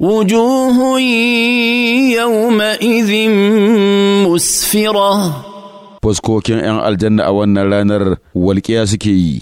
وجوه يومئذ مسفرة بوسكوكين أن الجنة أو النار والكياسكي